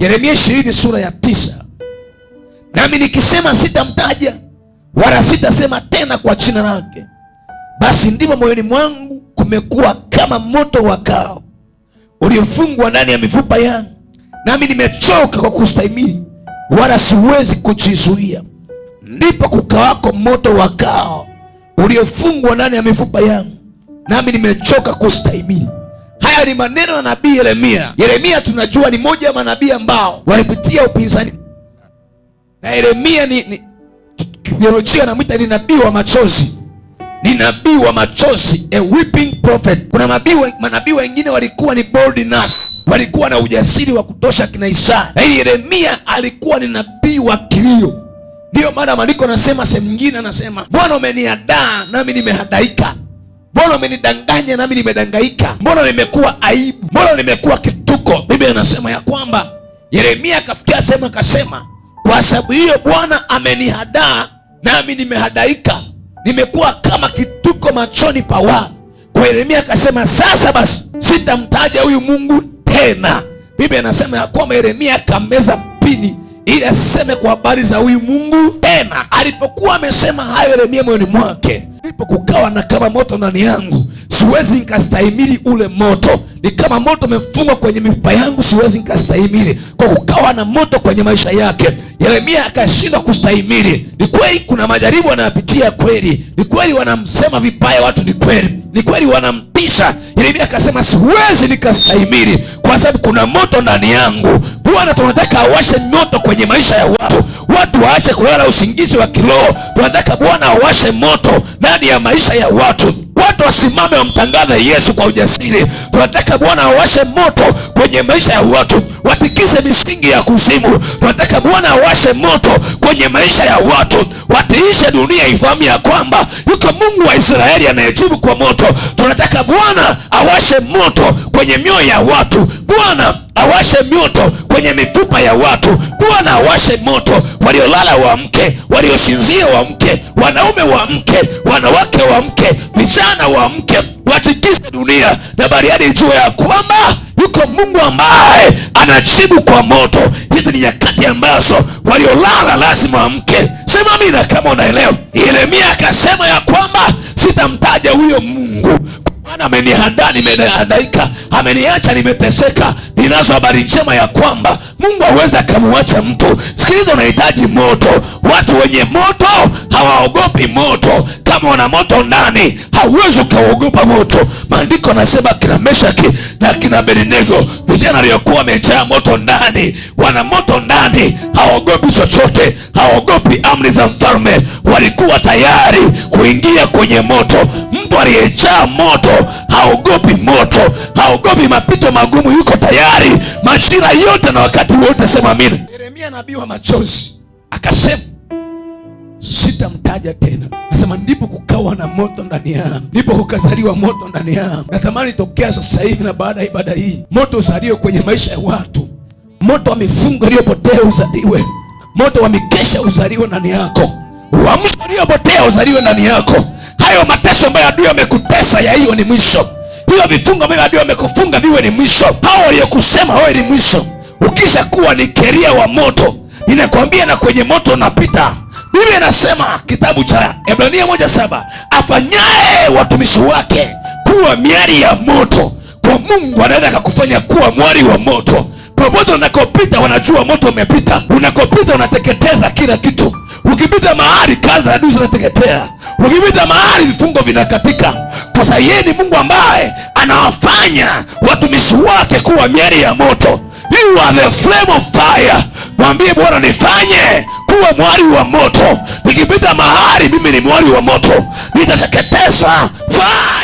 Yeremia 20 sura ya tisa nami nikisema sitamtaja wala sitasema tena kwa jina lake, basi ndivyo moyoni mwangu kumekuwa kama moto wa kao uliofungwa ndani ya mifupa yangu, nami nimechoka kwa kustahimili, wala siwezi kujizuia. Ndipo kukawako moto wa kao uliofungwa ndani ya mifupa yangu, nami nimechoka kustahimili haya ni maneno ya nabii Yeremia. Yeremia tunajua ni moja ya manabii ambao walipitia upinzani na Yeremia ni, ni kibiolojia anamwita ni nabii wa machozi, ni nabii wa machozi, a weeping prophet. Kuna manabii wengine walikuwa ni bold enough, walikuwa na ujasiri wa kutosha kina Isaya, lakini Yeremia alikuwa ni nabii wa kilio. Ndiyo maana maandiko anasema sehemu nyingine, anasema Bwana umeniadaa nami nimehadaika mbona umenidanganya nami nimedangaika? Mbona nimekuwa aibu? Mbona nimekuwa kituko? Biblia inasema ya kwamba Yeremia akafikia sehemu akasema, kwa sababu hiyo Bwana amenihadaa nami nimehadaika, nimekuwa kama kituko machoni pa watu. Kwa Yeremia akasema, sasa basi sitamtaja huyu Mungu tena. Biblia inasema ya kwamba Yeremia akameza pini ili aseme kwa habari za huyu Mungu tena. Alipokuwa amesema hayo Yeremia moyoni mwake, ndipo kukawa na kama moto ndani yangu siwezi nikastahimili ule moto, ni kama moto umefungwa kwenye mifupa yangu, siwezi nikastahimili. Kwa kukawa na moto kwenye maisha yake, Yeremia akashindwa kustahimili. Ni kweli kuna majaribu anayapitia, kweli ni kweli, wanamsema vibaya watu, ni kweli ni kweli, wanamtisha. Yeremia akasema siwezi nikastahimili, kwa sababu kuna moto ndani yangu. Bwana, tunataka awashe moto kwenye maisha ya watu tuache kulala usingizi wa kiroho. Tunataka Bwana awashe moto ndani ya maisha ya watu, watu wasimame wamtangaze Yesu kwa ujasiri. Tunataka Bwana awashe moto kwenye maisha ya watu, watikize misingi ya kuzimu. Tunataka Bwana awashe moto kwenye maisha ya watu, watiishe dunia ifahamu ya kwamba yuko Mungu wa Israeli anayejibu kwa moto. Tunataka Bwana awashe moto kwenye mioyo ya watu. Bwana awashe moto kwenye mifupa ya watu. Bwana awashe moto, waliolala mke waliosinzia wamke wanaume mke wanawake waamke, vijana mke watikise dunia na Bariadi jua ya kwamba yuko Mungu ambaye anajibu kwa moto. Hizi ni nyakati ambazo waliolala lazima waamke. Sema amina kama unaelewa. Yeremia akasema ya kwamba sitamtaja huyo Mungu, kwa maana ameniandaa, nimehandaika ameniacha nimeteseka. Ninazo habari njema ya kwamba Mungu hawezi akamwacha mtu. Sikiliza, unahitaji moto. Watu wenye moto hawaogopi moto. Kama wana moto ndani, hauwezi ukaogopa moto. Maandiko anasema kina Meshaki na kina Abednego, vijana waliokuwa wamejaa moto ndani, wana moto ndani, hawaogopi chochote, hawaogopi amri za mfalme, walikuwa tayari kuingia kwenye moto. Mtu aliyejaa moto haogopi moto mapito magumu, yuko tayari majira yote na wakati wote. Sema amina. Yeremia nabii wa machozi akasema sitamtaja tena. asema ndipo kukawa na moto ndani ya ndipo kukazaliwa moto ndani yao. Natamani tokea sasa hivi na baada ya ibada hii, moto uzaliwe kwenye maisha ya watu, moto wa mifungo iliyopotea uzaliwe, moto wa mikesha uzaliwe ndani yako, uamsho uliopotea uzaliwe ndani yako hayo mateso ambayo adui amekutesa ya hiyo ni mwisho. Hiyo vifungo ambayo adui amekufunga viwe ni mwisho. Hao waliokusema wewe ni mwisho. Ukisha kuwa ni keria wa moto, ninakwambia na kwenye moto unapita. Biblia inasema kitabu cha Ebrania moja saba afanyaye watumishi wake kuwa miali ya moto, kwa Mungu anaweza akakufanya kuwa mwali wa moto pamoja unakopita wanajua moto umepita, unakopita unateketeza kila kitu. Ukipita mahali kazi za adui zinateketea, ukipita mahali vifungo vinakatika. sababu yeye ni Mungu ambaye anawafanya watumishi wake kuwa miali ya moto. You are the flame of fire. Mwambie Bwana, nifanye kuwa mwali wa moto, nikipita mahali mimi ni mwali wa moto, nitateketeza fire